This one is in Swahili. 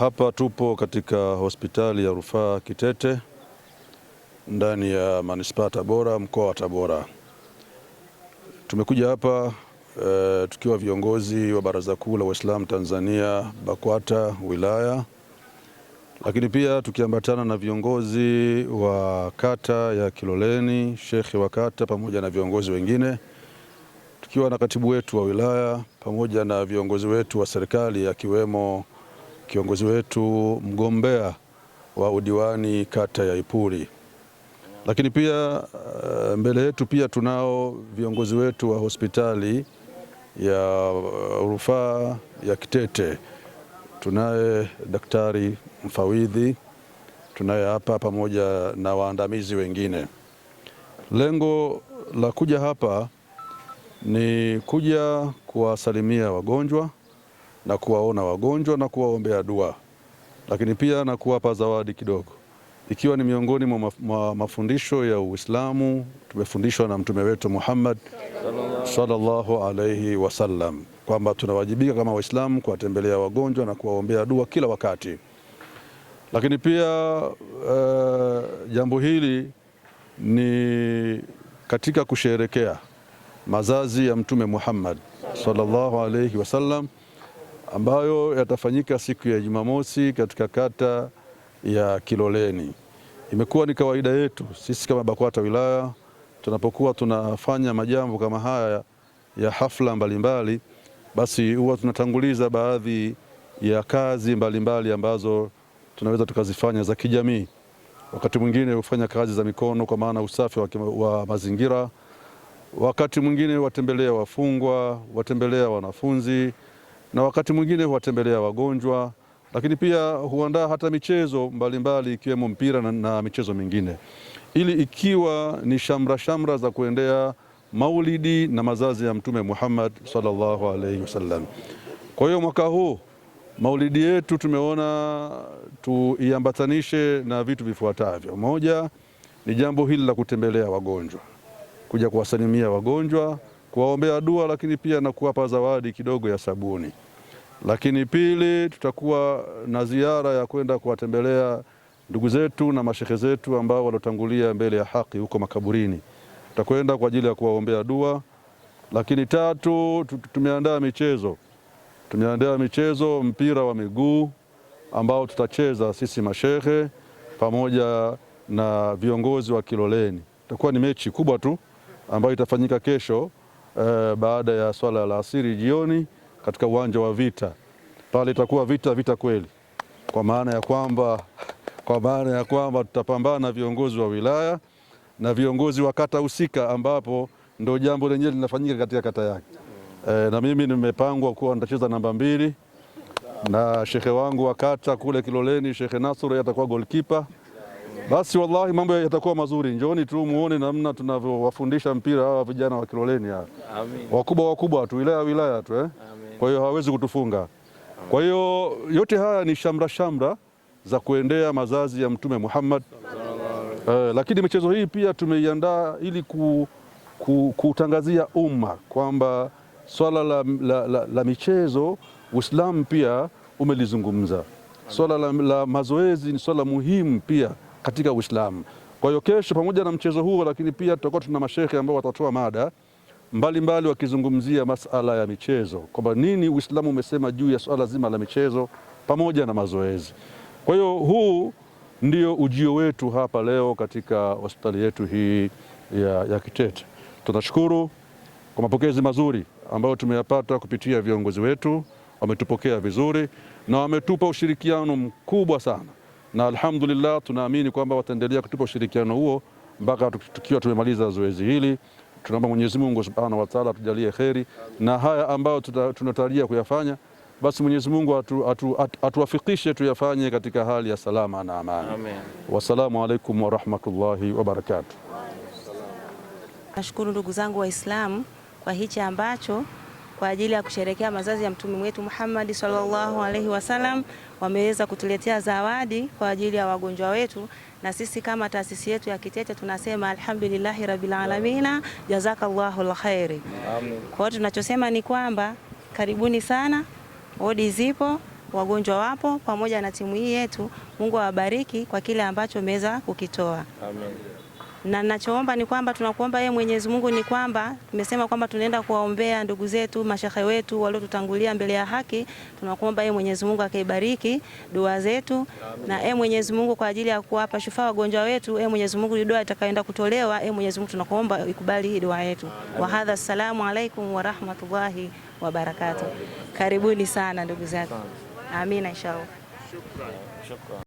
Hapa tupo katika hospitali ya rufaa Kitete ndani ya manispaa Tabora, mkoa wa Tabora. Tumekuja hapa e, tukiwa viongozi wa Baraza Kuu la Waislamu Tanzania BAKWATA wilaya, lakini pia tukiambatana na viongozi wa kata ya Kiloleni, shekhe wa kata pamoja na viongozi wengine, tukiwa na katibu wetu wa wilaya pamoja na viongozi wetu wa serikali akiwemo kiongozi wetu mgombea wa udiwani kata ya Ipuli. Lakini pia eh, mbele yetu pia tunao viongozi wetu wa hospitali ya eh, rufaa ya Kitete. Tunaye daktari mfawidhi, tunaye hapa pamoja na waandamizi wengine. Lengo la kuja hapa ni kuja kuwasalimia wagonjwa na kuwaona wagonjwa na kuwaombea dua, lakini pia na kuwapa zawadi kidogo, ikiwa ni miongoni mwa mafundisho ya Uislamu tumefundishwa na mtume wetu Muhammad sallallahu alayhi wasallam kwamba tunawajibika kama Waislamu kuwatembelea wagonjwa na kuwaombea dua kila wakati. Lakini pia uh, jambo hili ni katika kusherekea mazazi ya mtume Muhammad sallallahu alayhi wasallam ambayo yatafanyika siku ya Jumamosi katika kata ya Kiloleni. Imekuwa ni kawaida yetu sisi kama BAKWATA wilaya tunapokuwa tunafanya majambo kama haya ya hafla mbalimbali mbali, basi huwa tunatanguliza baadhi ya kazi mbalimbali mbali ambazo tunaweza tukazifanya za kijamii. Wakati mwingine hufanya kazi za mikono kwa maana usafi wa, wa mazingira. Wakati mwingine watembelea wafungwa, watembelea wanafunzi na wakati mwingine huwatembelea wagonjwa, lakini pia huandaa hata michezo mbalimbali ikiwemo mpira na, na michezo mingine ili ikiwa ni shamra shamra za kuendea maulidi na mazazi ya Mtume Muhammad sallallahu alaihi wasallam. Kwa hiyo mwaka huu maulidi yetu tumeona tuiambatanishe na vitu vifuatavyo. Moja ni jambo hili la kutembelea wagonjwa, kuja kuwasalimia wagonjwa kuwaombea dua, lakini pia na kuwapa zawadi kidogo ya sabuni. Lakini pili, tutakuwa na ziara ya kwenda kuwatembelea ndugu zetu na mashehe zetu ambao walotangulia mbele ya haki huko makaburini, tutakwenda kwa ajili ya kuwaombea dua. Lakini tatu, tumeandaa michezo, tumeandaa michezo mpira wa miguu ambao tutacheza sisi mashehe pamoja na viongozi wa Kiloleni. Itakuwa ni mechi kubwa tu ambayo itafanyika kesho eh, baada ya swala la asiri jioni katika uwanja wa vita pale, itakuwa vita vita kweli, kwa maana ya kwamba kwa maana ya kwamba tutapambana na viongozi wa wilaya na viongozi wa kata husika, ambapo ndio jambo lenyewe linafanyika katika kata yake. E, na mimi nimepangwa kuwa nitacheza namba mbili na shekhe wangu wa kata kule Kiloleni, Shekhe Nasoro atakuwa goalkeeper. Basi wallahi mambo yatakuwa mazuri. njoni tu muone namna tunavyowafundisha mpira hawa vijana wa Kiloleni hawa. Amin. Wakubwa wakubwa tu wilaya wilaya tu eh. Amin. Kwa hiyo hawawezi kutufunga. Kwa hiyo yote haya ni shamra shamra za kuendea mazazi ya Mtume Muhammad. Eh, lakini michezo hii pia tumeiandaa ili ku, ku, kutangazia umma kwamba swala la, la, la, la michezo Uislamu pia umelizungumza. Swala la, la mazoezi ni swala muhimu pia katika Uislamu. Kwa hiyo kesho, pamoja na mchezo huo, lakini pia tutakuwa tuna mashehe ambao watatoa mada mbalimbali wakizungumzia masala ya michezo, kwamba nini Uislamu umesema juu ya swala zima la michezo pamoja na mazoezi. Kwa hiyo huu ndio ujio wetu hapa leo katika hospitali yetu hii ya, ya Kitete. Tunashukuru kwa mapokezi mazuri ambayo tumeyapata kupitia viongozi wetu, wametupokea vizuri na wametupa ushirikiano mkubwa sana na alhamdulillah tunaamini kwamba wataendelea kutupa ushirikiano huo mpaka tukiwa tumemaliza zoezi hili. Tunaomba Mwenyezi Mungu Subhanahu wa Ta'ala atujalie kheri na haya ambayo tunatarajia kuyafanya, basi Mwenyezi Mungu atu, atu, atu, atuwafikishe tuyafanye katika hali ya salama na amani. Amen. Wassalamu alaikum warahmatullahi barakatuh. Nashukuru ndugu zangu Waislamu kwa hichi ambacho kwa ajili ya kusherekea mazazi ya mtume wetu Muhammad sallallahu alaihi wasallam. Wameweza kutuletea zawadi kwa ajili ya wagonjwa wetu, na sisi kama taasisi yetu ya Kitete tunasema alhamdulillahi rabbil alamina, jazakallahu alkhairi. Kwa hiyo tunachosema ni kwamba karibuni sana, wodi zipo wagonjwa wapo, pamoja na timu hii yetu. Mungu awabariki kwa kile ambacho umeweza kukitoa. Amen na nachoomba ni kwamba tunakuomba yeye Mwenyezi Mungu ni kwamba tumesema kwamba tunaenda kuwaombea ndugu zetu mashehe wetu waliotutangulia mbele ya haki. Tunakuomba yeye Mwenyezi Mungu akaibariki dua zetu, na yeye Mwenyezi Mungu kwa ajili ya kuwapa shufaa wagonjwa wetu. Yeye Mwenyezi Mungu dua itakayoenda kutolewa, yeye Mwenyezi Mungu tunakuomba ikubali dua yetu. Wa hadha, salamu alaikum wa rahmatullahi wa barakatuh. Karibuni sana ndugu zangu, amina inshallah. Shukran. Shukran.